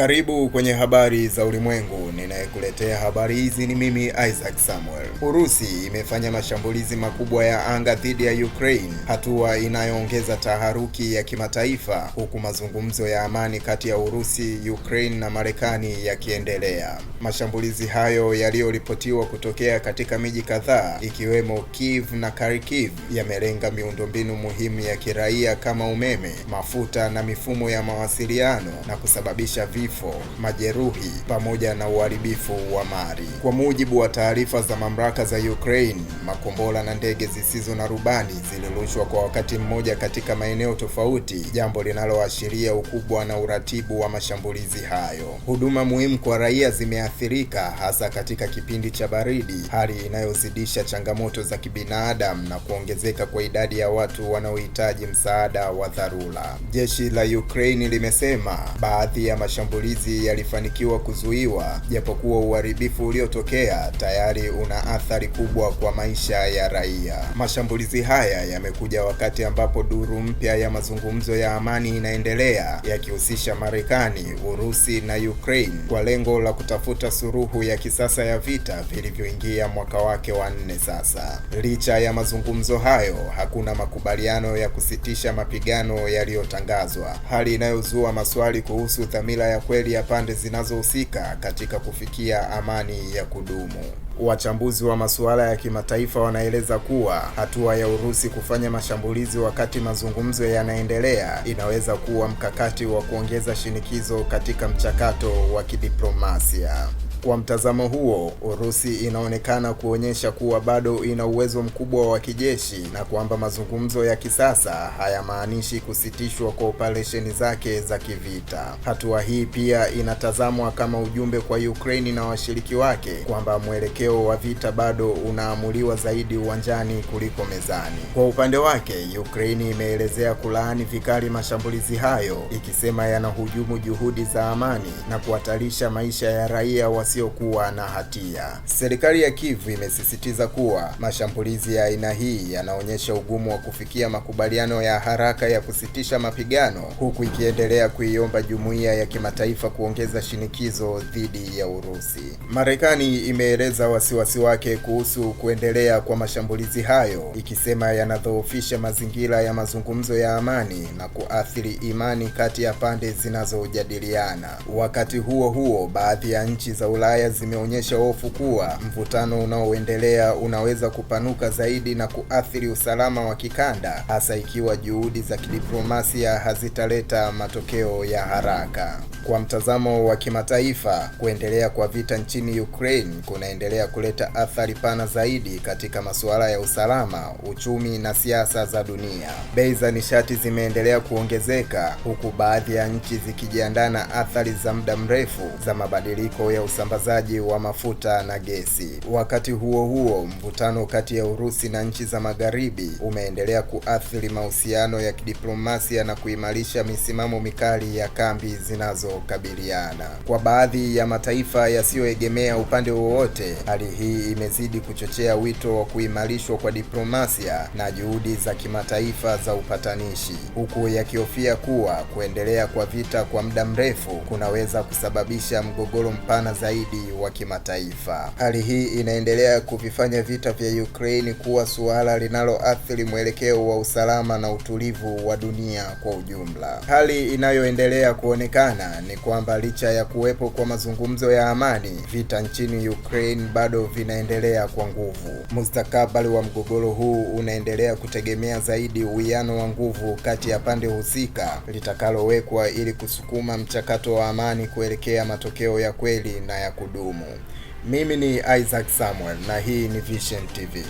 Karibu kwenye habari za ulimwengu. Ninayekuletea habari hizi ni mimi Isaac Samuel. Urusi imefanya mashambulizi makubwa ya anga dhidi ya Ukraine, hatua inayoongeza taharuki ya kimataifa, huku mazungumzo ya amani kati ya Urusi, Ukraine na Marekani yakiendelea. Mashambulizi hayo yaliyoripotiwa kutokea katika miji kadhaa ikiwemo Kiev na Kharkiv yamelenga miundombinu muhimu ya kiraia kama umeme, mafuta na mifumo ya mawasiliano na kusababisha vifo vifo, majeruhi pamoja na uharibifu wa mali. Kwa mujibu wa taarifa za mamlaka za Ukraine, makombora na ndege zisizo na rubani zilirushwa kwa wakati mmoja katika maeneo tofauti, jambo linaloashiria ukubwa na uratibu wa mashambulizi hayo. Huduma muhimu kwa raia zimeathirika hasa katika kipindi cha baridi, hali inayozidisha changamoto za kibinadamu na kuongezeka kwa idadi ya watu wanaohitaji msaada wa dharura. Jeshi la Ukraine limesema baadhi ya mashambulizi mashambulizi yalifanikiwa kuzuiwa, japokuwa uharibifu uliotokea tayari una athari kubwa kwa maisha ya raia. Mashambulizi haya yamekuja wakati ambapo duru mpya ya mazungumzo ya amani inaendelea yakihusisha Marekani, Urusi na Ukraine kwa lengo la kutafuta suluhu ya kisasa ya vita vilivyoingia mwaka wake wa nne sasa. Licha ya mazungumzo hayo, hakuna makubaliano ya kusitisha mapigano yaliyotangazwa, hali inayozua maswali kuhusu dhamira ya kweli ya pande zinazohusika katika kufikia amani ya kudumu. Wachambuzi wa masuala ya kimataifa wanaeleza kuwa hatua ya Urusi kufanya mashambulizi wakati mazungumzo yanaendelea inaweza kuwa mkakati wa kuongeza shinikizo katika mchakato wa kidiplomasia. Kwa mtazamo huo, Urusi inaonekana kuonyesha kuwa bado ina uwezo mkubwa wa kijeshi na kwamba mazungumzo ya kisasa hayamaanishi kusitishwa kwa operesheni zake za kivita. Hatua hii pia inatazamwa kama ujumbe kwa ukraini na washiriki wake kwamba mwelekeo wa vita bado unaamuliwa zaidi uwanjani kuliko mezani. Kwa upande wake, Ukraini imeelezea kulaani vikali mashambulizi hayo, ikisema yanahujumu juhudi za amani na kuhatarisha maisha ya raia wa wasiokuwa na hatia. Serikali ya Kivu imesisitiza kuwa mashambulizi ya aina hii yanaonyesha ugumu wa kufikia makubaliano ya haraka ya kusitisha mapigano, huku ikiendelea kuiomba jumuiya ya kimataifa kuongeza shinikizo dhidi ya Urusi. Marekani imeeleza wasiwasi wake kuhusu kuendelea kwa mashambulizi hayo, ikisema yanadhoofisha mazingira ya mazungumzo ya amani na kuathiri imani kati ya pande zinazojadiliana. Wakati huo huo, baadhi ya nchi za Ulaya zimeonyesha hofu kuwa mvutano unaoendelea unaweza kupanuka zaidi na kuathiri usalama wa kikanda, hasa ikiwa juhudi za kidiplomasia hazitaleta matokeo ya haraka. Kwa mtazamo wa kimataifa, kuendelea kwa vita nchini Ukraine kunaendelea kuleta athari pana zaidi katika masuala ya usalama, uchumi na siasa za dunia. Bei za nishati zimeendelea kuongezeka huku baadhi ya nchi zikijiandaa na athari za muda mrefu za mabadiliko ya usambazaji wa mafuta na gesi. Wakati huo huo, mvutano kati ya Urusi na nchi za Magharibi umeendelea kuathiri mahusiano ya kidiplomasia na kuimarisha misimamo mikali ya kambi zinazo zinazokabiliana. Kwa baadhi ya mataifa yasiyoegemea upande wowote, hali hii imezidi kuchochea wito wa kuimarishwa kwa diplomasia na juhudi za kimataifa za upatanishi, huku yakihofia kuwa kuendelea kwa vita kwa muda mrefu kunaweza kusababisha mgogoro mpana zaidi wa kimataifa. Hali hii inaendelea kuvifanya vita vya Ukraine kuwa suala linaloathiri mwelekeo wa usalama na utulivu wa dunia kwa ujumla. Hali inayoendelea kuonekana ni kwamba licha ya kuwepo kwa mazungumzo ya amani, vita nchini Ukraine bado vinaendelea kwa nguvu. Mustakabali wa mgogoro huu unaendelea kutegemea zaidi uwiano wa nguvu kati ya pande husika litakalowekwa ili kusukuma mchakato wa amani kuelekea matokeo ya kweli na ya kudumu. Mimi ni Isaac Samuel na hii ni Vision TV.